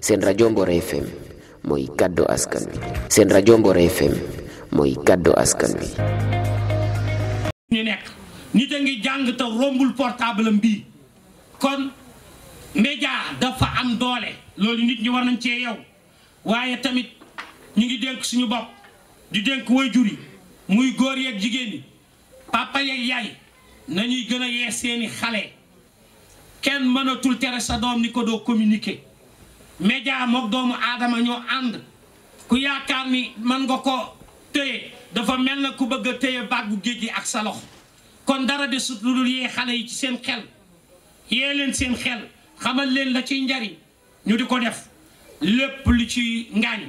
seen rajo Mboro FM mooy kaddu askan wi seen rajo Mboro FM mooy kaddu askan wi. ñu nekk nit a ngi jàng te rombul portable am bii kon média dafa am doole loolu nit ñi war nañ cee yow waaye tamit ñu ngi dénk suñu bopp di dénk waajur yi muy góor yeeg jigéen ñi papa yeeg yaay nañuy gën a yee seeni xale kenn mënatul tere sa doom ni ko doo communiquer. média mook doomu aadama ñoo ànd ku yaakaar ni mën nga ko téye dafa mel na ku bëgg a téye bàggu géej gi ak sa loxo kon dara de sut yee xale yi ci seen xel yee leen seen xel xamal leen la ciy njariñ ñu di ko def lépp lu ci ngaañ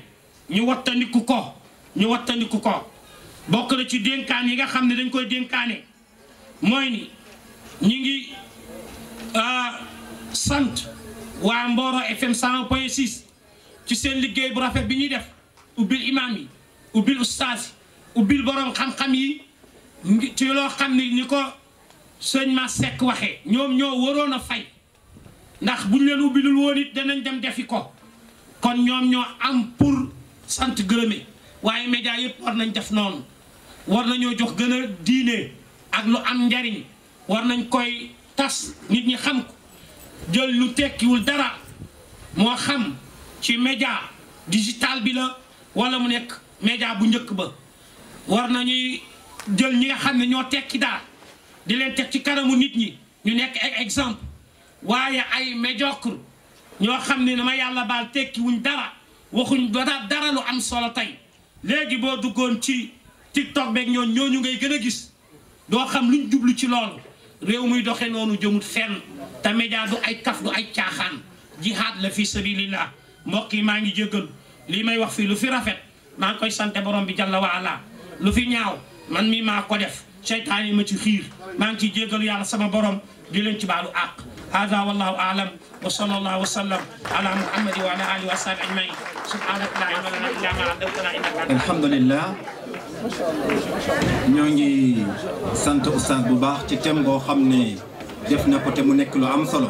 ñu wattandiku ko ñu wattandiku ko bokk na ci dénkaan yi nga xam ne dañ koy dénkaane mooy ni ñi ngi euh, sant waa Mboro FM 100.6 ci seen liggéey bu rafet bi ñuy def ubbil imaam yi ubbil ustaas yi ubbil borom xam-xam yi ci loo xam ni ni ko sëñ ma sekk waxe ñoom ñoo waroon a fay ndax buñ leen ubbilul woon it danañ dem defi ko kon ñoom ñoo am pour sant gërëme waaye média yëpp war nañ def noonu war nañoo jox gën a diine ak lu am njariñ war nañ koy tas nit ñi xam ko jël lu tekkiwul dara moo xam ci média digital bi la wala mu nekk média bu njëkk ba war nañuy jël ñi nga xam ne ñoo tekki daal di leen teg ci kanamu nit ñi ñu nekk ay exemple waaye ay médiocre ñoo xam ne dama yàlla baal tekkiwuñ dara waxuñ dara dara lu am solo tey léegi boo duggoon ci TikTok beeg ñoo ñooñu ngay gën a gis doo xam luñ jublu ci loolu réew muy doxee noonu jëmut fenn te média du ay kaf du ay caaxaan jihaad la fi sabilillah mbokk yi maa ngi jéggalu lii may wax fii lu fi rafet maa ngi koy sante borom bi jàlla wa lu fi ñaaw man mi ma ko def seytaan yi ma ci xiir maa ngi ciy jéggalu yàlla sama borom di leen ci baalu àq hada wallahu aalam wa sallallahu wa sallam ala muhammadi wa ala alihi wa sahbihi ajmain subhanaka la ilma lana illa ma allamtana innaka alhamdulillah ñoo ngi sant oustaz bu baax ci thème boo xam ne def na ko te mu nekk lu am solo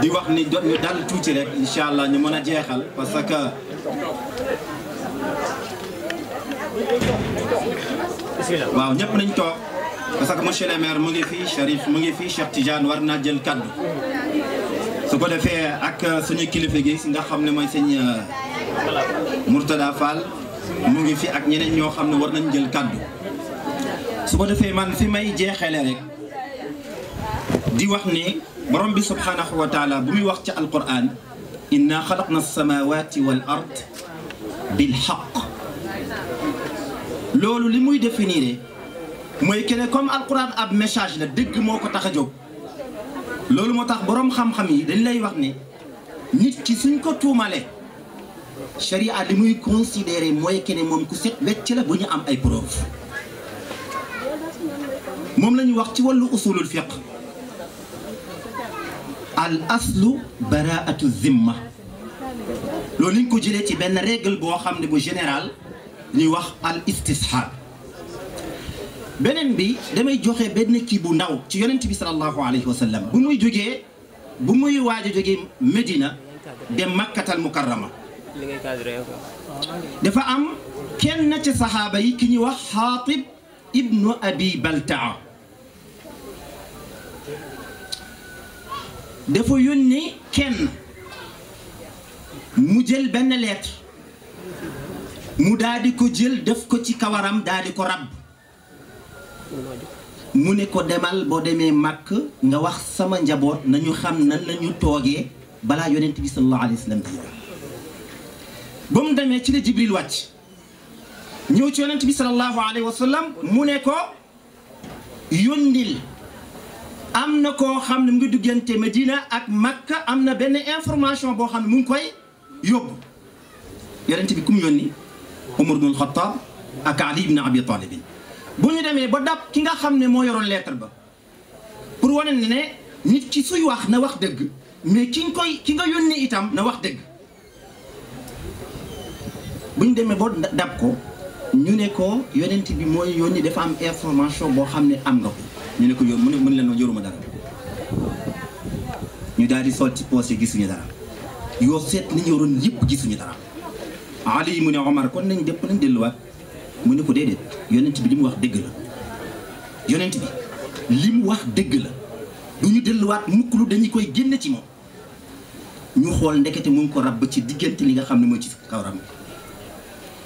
di wax ni jot dal tuuti rek incha allah ñu mën a jeexal parce que waaw ñëpp nañ toog parce que monsieur le maire mu ngi fii Cherif mu ngi fii Cheikh war naa jël kaddu su ko defee ak suñu kilifa gi nga xam ne mooy sëñ euh, Mourtada Fall mu ngi fi ak ñeneen ñoo xam ne war nañ jël kàddu su ko defee man fi may jeexale rek di wax ni borom bi subhanahu wa bu muy wax ci alquran inna xalaqna alsamawati wal ard bil xaq loolu li muy définir mooy kene comme alquran ab message la dëgg moo ko tax a jóg loolu moo tax borom xam-xam yi dañ lay wax ne nit ki suñ ko tuumale sharia li muy considéré mooy kene moom ku set wecc la bu ñu am ay preuve moom la wax ci wàllu usulul fiqh al aslu baraatu zimma loolu liñ ko jëlee ci benn règle boo xam ne bu général ñuy wax al istishaab beneen bi damay joxe benn kii bu ndaw ci yonent bi sallallahu alayhi wa sallam bu muy jógee bu muy waaj jóge jógee Medina dem makkatal mukarrama li dafa am kenn ci saxaaba yi ki ñuy wax xaatib ibnu abi baltaa dafa yónni kenn mu jël benn lettre mu daldi ko jël def ko ci kawaram daadi ko rab mu ne ko demal boo demee màkk nga wax sama njaboot nañu xam nan lañu toogee balaa yonent bi sallallahu alayhi wa ba mu demee ci la jibril wàcc ñëw ci yonent bi sallallahu alayhi wa sallam mu ne ko yónnil am na koo xam ne mu ngi duggante Medina ak Makka am na benn information boo xam ne mu koy yóbbu yonent bi ku mu yónni Umar ibn Khattab ak Ali ibn Abi Talib bu ñu demee ba dab ki nga xam ne moo yoroon lettre ba pour wane ne nit ki suy wax na wax dëgg mais ki nga koy ki nga yónni itam na wax dëgg bu ñu demee ba dab ko ñu ne ko yonent bi mooy yónni dafa am information boo xam ne am nga ko ñu ne ko yoon mu ne mën leen ma yoruma dara ñu daal di sol ci poose gisuñu dara yoo seet li ñu yoroon yëpp gisuñu dara Ali mu ne Omar kon nañ dëpp nañ delluwaat mu ne ko déedéet yonent bi li mu wax dëgg la yonent bi li mu wax dëgg la du ñu delluwaat mukk lu dañu koy génne ci moom ñu xool ndekete mu ngi ko rab ci diggante li nga xam ne mooy ci kaw rab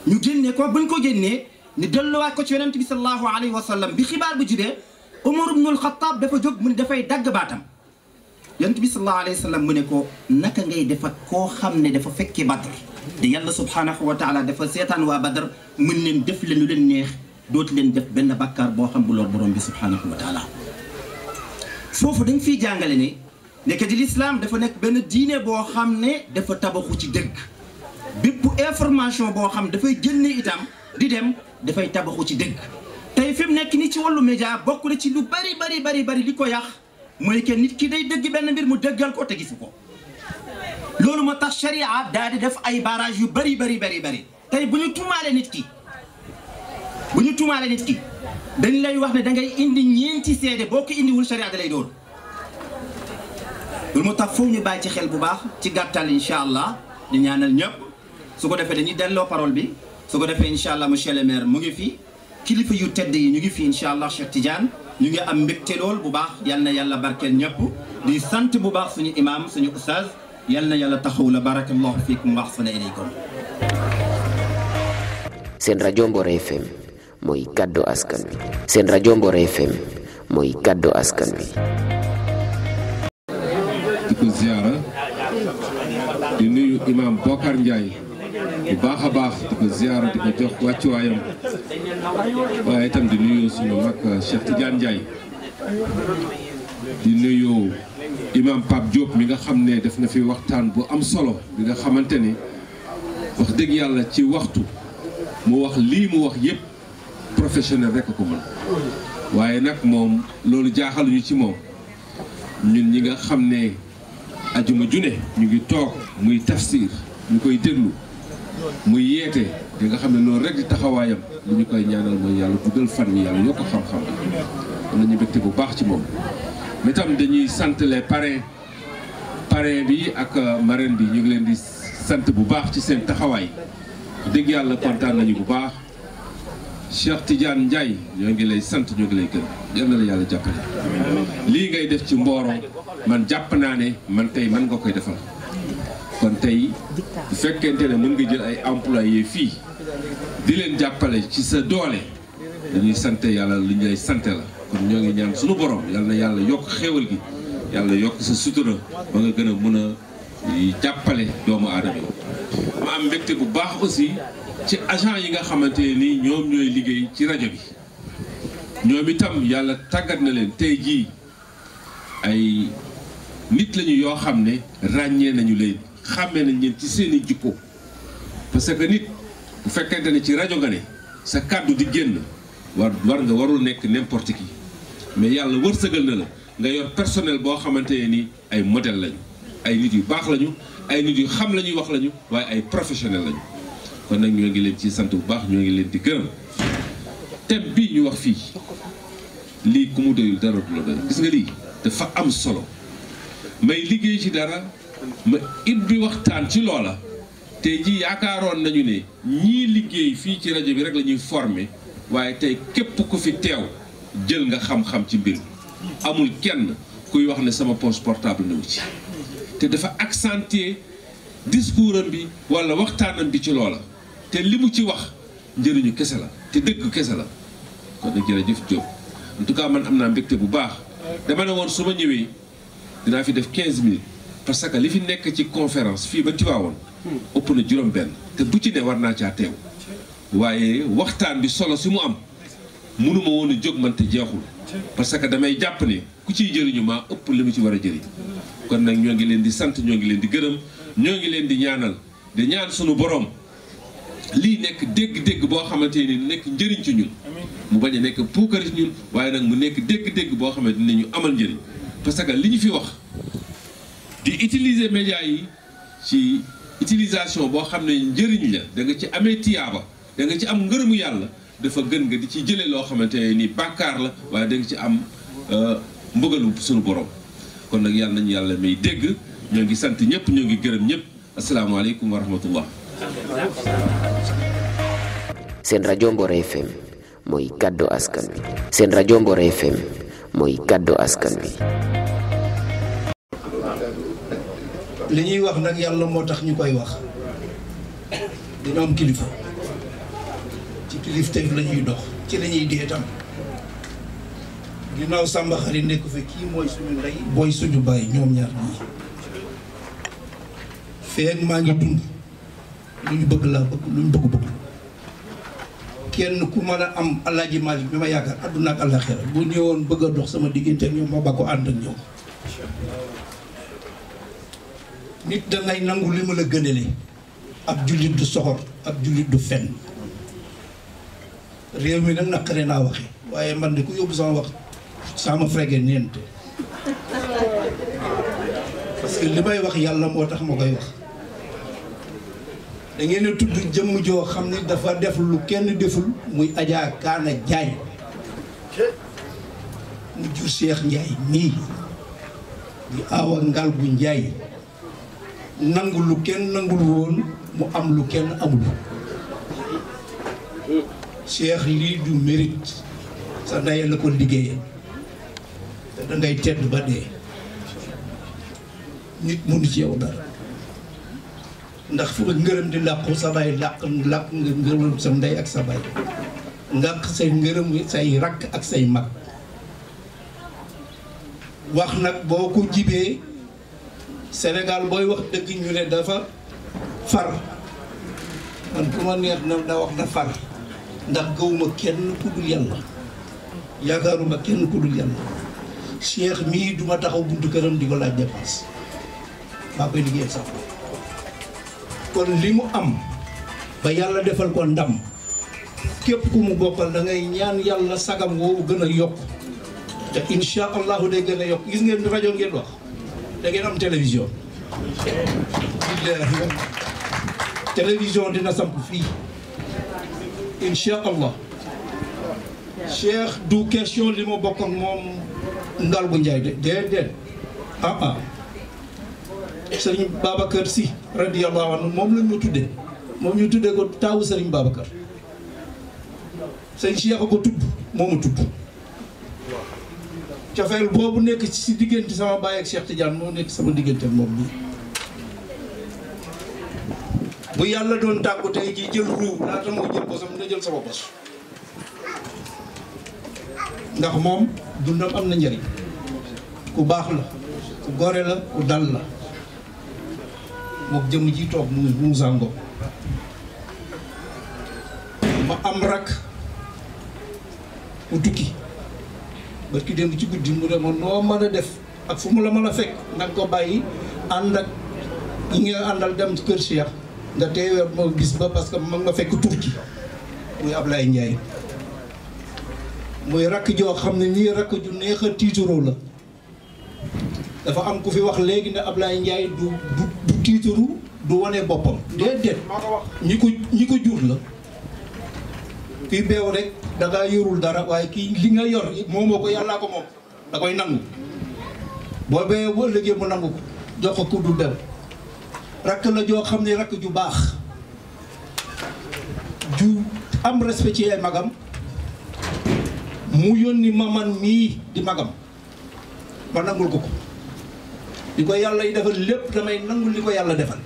ñu génne ko buñ ko génnee ne delluwaat ko ci yonent bi sallallahu alayhi wa sallam bi xibaar bu judee Umar ibnul Xattaab dafa jóg mu ne dafay dagg baatam yonent bi sallallahu alayhi wa sallam mu ne ko naka ngay def ak koo xam ne dafa fekke Badr te yàlla subhaanahu wa taala dafa seetaan waa Badr mën leen def leen lu leen neex dootu leen def benn bakkaar boo xam bu lool borom bi subhaanahu wa taala foofu dañ fiy jàngale ne nekk di lislaam dafa nekk benn diine boo xam ne dafa tabaxu ci dëgg bépp information boo xam dafay jënne itam di dem dafay tabaxu ci dëgg tey fi mu nekk nii ci wàllu média bokk na ci lu bari bari bari bari li ko yàq mooy kenn nit ki day dëgg benn mbir mu dëggal ko te gisu ko loolu moo tax charia daal di def ay barrage yu bari bari bari bari tey bu ñu tuumaale nit ki bu ñu tuumaale nit ki dañ lay wax ne da ngay indi ñeenti seede boo ko indiwul charia da lay dóor loolu moo tax foofu ñu bàyyi ci xel bu baax ci gàttal incha allah di ñaanal ñëpp su ko defee dañuy delloo parole bi su ko defee incha allah monsieur le maire mu ngi fi kilifa yu tedd yi ñu ngi fi incha allah Cheikh Tidiane ñu ngi am mbégte lool bu baax yal na yàlla barkeel ñëpp di sant bu baax suñu imaam suñu ustaaz yal na yàlla taxaw la barakallahu fiikum wa ahsana ilaykum seen rajo Mboro FM mooy kaddu askan wi seen rajo Mboro FM mooy kaddu di ko ziara di nuyu imam Bokar Ndiaye. bu baax a baax di ko ziyaara di ko jox wàccuwaayam waaye itam di nuyu suñu mag euh, Cheikh Tidiane Ndiaye di nuyu imam Pape Diop mi nga xam ne def na fi waxtaan bu am solo bi nga xamante ni wax dëgg yàlla ci waxtu mu wax lii mu wax yépp professionnel rekk a ko mën waaye nag moom loolu jaaxaluñu ci moom ñun ñi nga xam ne ajuma june ñu ngi toog muy tafsir ñu koy déglu mu yeete di nga xam ne loolu rek di taxawaayam li ñu koy ñaanal mooy yàlla dugal fan wi yàlla yokk xam-xam am nañu bu baax ci moom mais dañuy sant les parrains parrain bi ak euh, marraine bi ñu ngi leen di sant bu baax ci seen taxawaay dégg yàlla kontaan nañu bu baax Cheikh Tidiane Ndiaye ñoo ngi lay sant ñoo ngi lay gën yàlla jàppale lii ngay def ci Mboro man jàpp naa ne man tey man nga koy defal kon tey bu fekkente ne mën nga jël ay employé fii di leen jàppale ci sa doole dañuy sant yàlla li ñu lay sant la kon ñoo ngi ñaan suñu borom yal na yàlla yokk xéewal bi yàlla yokk sa sutura ba nga gën a mën a jàppale doomu aadama yi ma am mbégte bu baax aussi ci agent yi nga xamante ne nii ñoom ñooy liggéey ci rajo bi ñoom itam yàlla tàggat na leen tey jii ay nit lañu yoo xam ne ràññee nañu leen xàmmee nañ leen ci seeni jikko parce que nit bu fekkente ne ci rajo nga ne sa kàddu di génn war war nga warul nekk n'importe yi mais yàlla wërsëgal na la nga yor personnel boo xamante ne ni ay modèle lañu ay nit yu baax lañu ay nit yu xam la ñuy wax lañu waaye ay professionnel lañu kon nag ñoo ngi leen ci sant bu baax ñoo ngi leen di gërëm thème bi ñu wax fii lii ku mu doyul dara du la doy gis nga lii dafa am solo may liggéey ci dara. ma ibbi waxtaan ci loola te jii yaakaaroon nañu ne ñii liggéey fii ci rajo bi rek lañuy forme waaye tey képp ku fi teew jël nga xam-xam ci mbir amul kenn kuy wax ne sama poche portable newu ci te dafa accentuer discours am bi wala waxtaanam bi ci loola te li mu ci wax njëriñu kese la te dëgg kese la kon nag jërëjëf Diop en tout man am naa mbégte bu baax dama ne woon su ma ñëwee dinaa fi def 15 minutes. parce que li fi nekk ci conférence fii ba Tiwaawoon hmm. ëpp na juróom-benn te bu ci ne war naa caa teew waaye waxtaan bi solo si mu am mënuma woon a jóg man te jeexul parce que damay jàpp ne ku ciy jëriñu maa ëpp li mu ci war a jëriñ kon nag ñoo ngi leen di sant ñoo ngi leen di gërëm ñoo ngi leen di ñaanal di ñaan sunu borom lii nekk dégg-dégg boo xamante ni nekk njëriñ ci ñun mu bañ a nekk puukari ci ñun waaye nag mu nekk dégg-dégg boo xamante ne ñu amal njëriñ parce que li ñu fi wax. di utiliser médias yi ci utilisation boo xam ne njëriñ la danga ci amee tiyaaba da nga ci am ngërëmu yàlla dafa gën nga di ci jëlee loo xamante ne nii bàkkaar la waaye da ci am euh, mbëgalu sunu borom kon nag yàlla nañu yàlla muy dégg ñoo ngi sant ñëpp ñoo ngi gërëm ñëpp asalaamaaleykum wa rahmatullah seen rajo Mboro FM mooy kaddu askan wi seen rajo Mboro FM mooy kaddu askan li ñuy wax nag yàlla moo tax ñu koy wax dañu am kilifa ci kilif teg la dox ci lañuy ñuy dee tam ginnaaw Samba Xari nekk fi kii mooy suñu ndey booy suñu bàyyi ñoom ñaar ñii feeg maa ngi dund lu bëgg laa bëgg lu bëgg bëgg kenn ku mën a am alaaji Maalik bi ma yaakaar àdduna ak àllaaxira bu ñëwoon bëgg a dox sama diggante ak ñoom ma ba ko ànd ak ñoom nit dangay nangu li ma la gënale ab jullit du soxor ab jullit du fen réew mi nag naqare naa waxe waaye man di ku yóbbu sama wax sama frege nent parce li may wax yàlla moo tax ma koy wax da ngeen tudd jëmm joo xam ne dafa def lu kenn deful muy Adja Kaana Diagne mu jur Cheikh Ndiaye di aawa ngal bu Ndiaye nangu lu kenn nangul woon mu am lu kenn amul Cheikh lii du mérite sa ndey la ko liggéeyee te dangay tedd ba dee nit mënu ci yow dara ndax fu ngërëm di làqu sa baay làq làq nga ngërëm sa ndey ak sa baay ngàq say ngërëm say rakk ak say mag wax nag boo ko jibee Sénégal booy wax dëgg ñu ne dafa far man ku ma neex na da wax far ndax gëwuma kenn ku dul yàlla yaakaaruma kenn ku dul yàlla Cheikh mii duma taxaw buntu këram di ko laaj dépense maa koy liggéeyal sax kon li mu am ba yàlla defal ko ndam képp ku mu bokkal da ngay ñaan yàlla sagam woowu gën a yokk te incha allahu day gën a yokk gis ngeen rajo ngeen wax da am télévision billaahi télévision dina samp fii incha allah du question li ma bokk moom ndal bu njaay de déedéet ah ah sëriñ Babacar si radiyallahu anhu moom lañ ma tuddee moom ñu tuddee ko taawu sëriñ Babacar sëriñ Cheikh ko tudd moo ma tudd cofeel boobu nekk ci diggante sama baay ak Cheikh Tidiane moo nekk sama diggante moom bi bu yàlla doon tàggu tey jii jël ruu laata moo jël jël bos ndax moom dundam am na njëriñ ku baax la ku gore la ku dal la moom jëm ji toog ma am rak ku tukki barki démb ci guddi mu ne ma noo mën a def ak fu mu la mën a fekk na nga ko bàyyi ànd ak ñi nga àndal dem kër Cheikh nga teewee moo gis ba parce que man nga fekk tur ci muy Ablaye njaay muy rakk joo xam ne nii rakk ju neex a tiituroo la dafa am ku fi wax léegi ne Ablaye njaay du du tiituru du wane boppam déedéet ñi ko ñi ko jur la kuy beew rek da ngaa dara waaye kii li nga yor moomoo ko yàllaa ko moom da koy nangu boo beewee boo ëllëgee mu nangu ko jox ko ku dul beew rakk la joo xam ne rakk ju baax ju am respect ci magam mu yónni ma man mii di magam ba nangul ko ko li ko yàlla yi defal lépp damay nangul li ko yàlla defal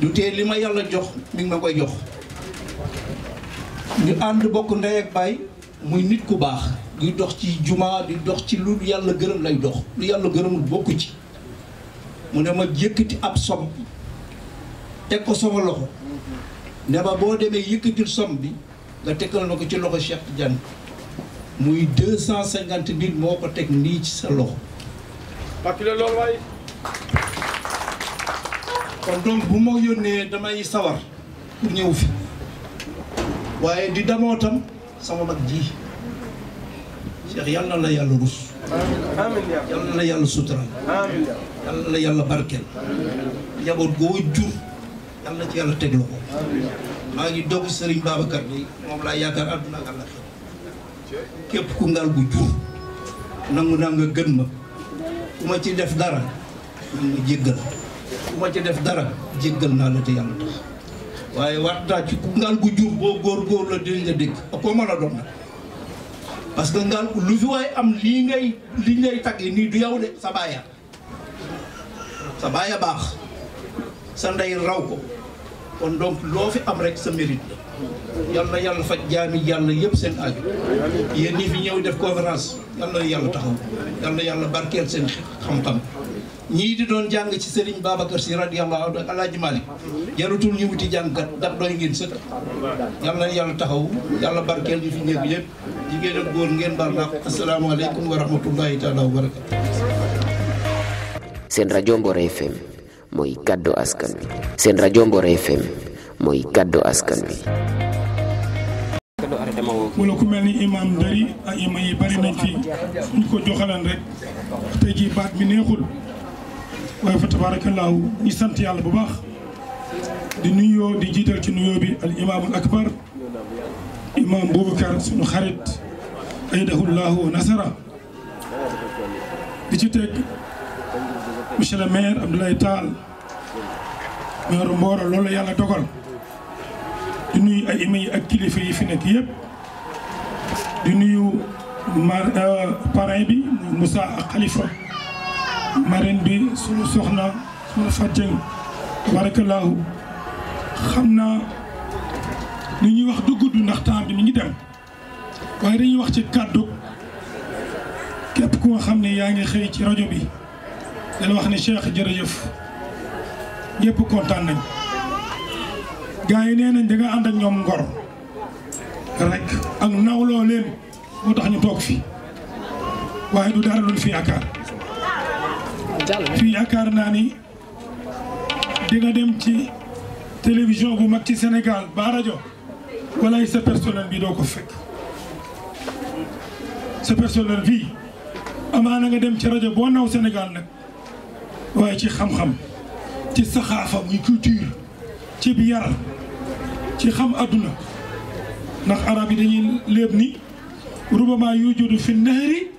du tee li ma yàlla jox mi ma koy jox ñu ànd bokk ndey ak baay muy nit ku baax di dox ci jumaa di dox ci lu yàlla gërëm lay dox lu yàlla gërëmul bokku ci mu ne ma yëkkati ab som teg ko sama loxo ne ba boo demee yëkkatil som bi nga teg na ko ci loxo Cheikh jan muy deux cinquante mille moo ko teg nii ci sa loxo bàkkile loolu waay kon donc bu ma yónnee damay sawar pour ñëw fi waaye di damoo tam sama mag ji Cheikh yàlla na la yàlla rus yàlla na la yàlla sutural yàlla na la yàlla barkeel njaboot goo jur yàlla na ci yàlla teg loxo maa ngi dogu Serigne Babacar bi moom laa yaakaar àdduna ak àllaxira képp ku ngal gu jur nangu naa nga gën ma ku ma ci def dara nga jéggal ku ma ci def dara jéggal naa la te yàlla waaye waat naa ci ku ngal gu jur boo góor-góor la dégg nga dégg ko mën a doon nag parce que ngal lu fi waaye am lii ngay li ngay tagge nii du yow de sa baaya sa baaya baax sa ndey raw ko kon donc loo fi am rek sa mérite la yal na yàlla faj jaami yàlla yëpp seen aju yéen ñi fi ñëw def conférence yal na yàlla taxaw yal yàlla barkeel seen xam-xam ñii di doon jàng ci Serigne Babacar si radiyallahu anhu ak jarutul ñu wuti jàngkat ndax ngeen sëkk yal na taxaw yàlla barkeel ñu fi ñëw yëpp jigéen ak góor seen rajo Mboro mooy kaddu askan bi wala ku mel ni imaam ndari ak imaam yi fi ñu ko joxalan rek tey ji baat bi neexul waaye fa tabaarakallaahu ñu sant yàlla bu baax di nuyoo di jiital ci nuyoo bi al imaamul akbar imaam Boubacar suñu xarit aydahullaahu wa nasara di ci teg monsieur le maire Abdoulaye Tall maire Mboro loolu yàlla dogal di nuyu ay ima ak kilifa yi fi nekk yëpp di nuyu ma euh, parrain bi Moussa ak Khalifa marraine bi sunu soxna sunu fàcceng barakallahu xam na li ñuy wax du gudd ndax temps bi mi ngi dem waaye dañuy wax ci kàddu képp ku nga xam ne yaa ngi xëy ci rajo bi dana wax ne Cheikh jërëjëf ñëpp kontaan nañ gars yi nee nañ da nga ànd ak ñoom ngor rek ak nawloo leen moo tax ñu toog fi waaye du dara luñ fi yaakaar fii yaakaar naa ni di nga dem ci télévision bu mag ci Sénégal ba rajo wala sa personnel bi doo ko fekk sa personnel bii amaana nga dem ci rajo boo naw Sénégal nag waaye ci xam-xam ci saxaafa muy culture ci bi yar ci xam adduna ndax arab yi dañuy léeb ni rubama yujadu fi nahri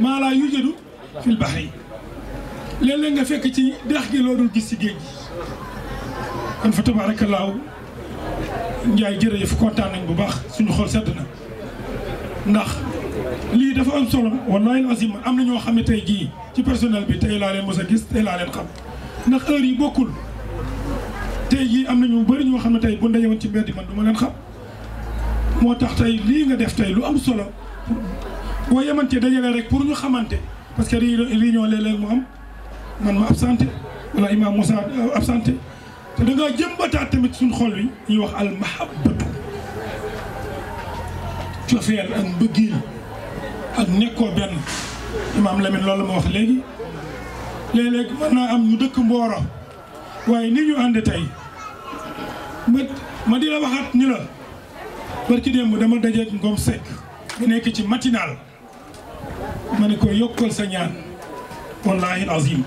maa laa yujadu fi l bahri léeg-léeg nga fekk ci dex gi loo dul gis ci géej gi kon fa tabaarakallaahu njaay jërëjëf kontaan nañ bu baax suñu xol sedd na ndax lii dafa am solo wallaahi azim am na ñoo xam ne tey jii ci personnel bi tey laa leen mos a gis tey laa leen xam ndax heure yi bokkul tey jii am na ñu bari ñoo xam ne tey bu ndajewoon ci mbedd du ma leen xam moo tax tey lii nga def tey lu am solo boo yemantee dajale rek pour ñu xamante parce que réunion léeg-léeg mu am. man ma absenté wala imam Moussa euh, absenté te da ngaa jëmbataat tamit suñ xol wi ñuy wax al mahabbatu cofeel ak mbëggeel ak nekkoo benn imaam Lamine loolu ma wax léegi léeg-léeg mën naa am ñu dëkk Mboro waaye ni ñu ànd tey ma ma di la waxaat ni la barki démb dama dajeeg Ngom Seck nekk ci matinal ma ne ko yokkal sa ñaan wallaahi azim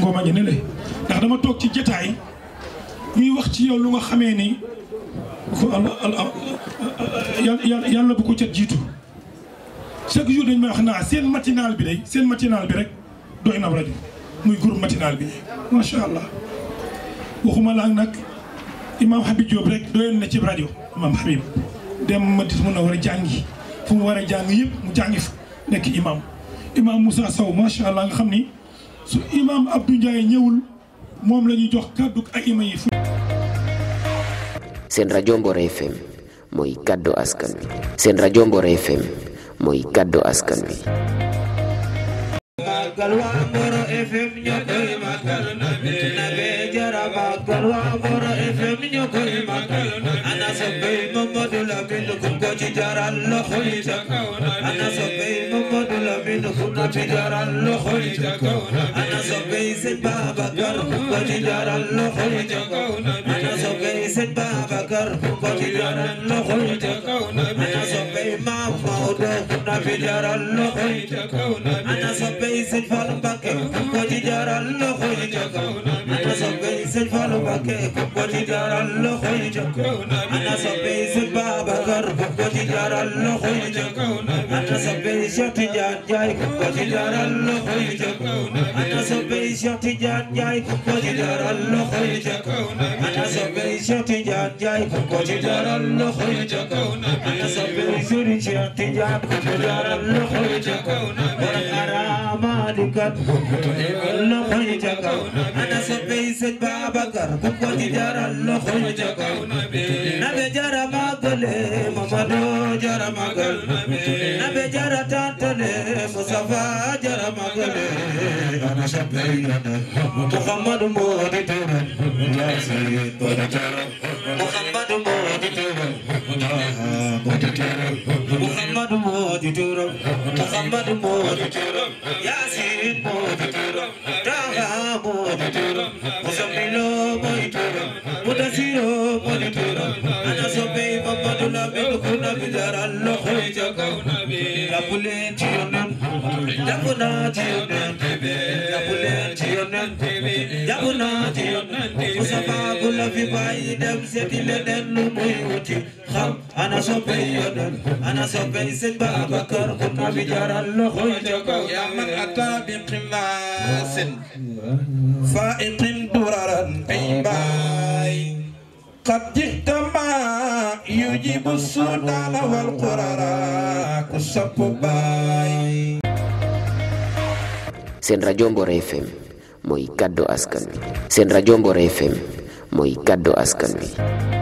ngooma ngi ne le ndax dama toog ci jataay ñuy wax ci yow lu nga xamee ni yàlla bu ko ca jiitu chaque jour dañ may wax naa seen matinal bi day seen matinal bi rek doy na rajo muy groupe matinal bi macha allah waxuma laa nag imam Habib Diop rek doyoon na ci rajo imam Habib dem ma dis mun na war a jàngi fu mu war a jàng yëpp mu jàngi fa nekk imam imam Moussa Sow macha allah nga xam ni su imam Abdou ñëwul moom la jox kàddu ak ima yi. seen rajo Mboro FM mooy kàddu askan wi. seen rajo Mboro FM mooy kàddu waa Mboro FM ñoo koy màggal nabe jara màggal waa Mboro FM ñoo ko ci jaral loxo yi ومن تجار اللخرج كون أنا صبي سيد بابا كر وتجار اللخرج كون أنا صبي سيد بابا كر وتجار اللخرج كون أنا صبي ما موضوع ومن تجار اللخرج كون أنا صبي سيد فالبكر وتجار اللخرج كون أنا صبي سيد فالبكر وتجار اللخرج كون أنا صبي سيد بابا كر وتجار اللخرج كون أنا صبي Cheikh Tidiane Ndiaye ko ci jaral loxo yi ca kaw na ana soppey Cheikh Tidiane Ndiaye ko ci jaral loxo yi ca kaw na ana soppey Cheikh Tidiane Ndiaye ko ci jaral loxo yi ca kaw na ana soppey Cheikh Tidiane ko ci jaral loxo yi ca kaw na Maalikat loxo yi ca kaw ana soppey sëñ Babacar ku ko ci jaral loxo yi ca kaw na be jara màggale Mamadou jara màggal na be jara tantale Mustafa jara màggale ana soppey Muhammadu moo di teral Muhammadu moo موجي تيرم محمد موجي تيرم محمد موجي تيرم ياسين موجي تيرم طه موجي تيرم مزمل موجي تيرم مدثر موجي تيرم انا صبي محمد لامي كنا بجار الله خيجك رب لين تيرم Jabunati yonante be Jabunati yonante be Jabunati yonante be Mustafa gula fi bayi dem seti leneen lu muy wuti xam ana soppe yonen ana soppe sëñ Babacar xut na bi jaral loxo ca kaw ya man ata bi qimaasin fa iqim duraran ay baay قد جئت ما يجيب السودان والقرارات السبباي seen rajo Mbor FM mooy kaddu askan wi seen rajo Mbor FM mooy kaddu askan wi.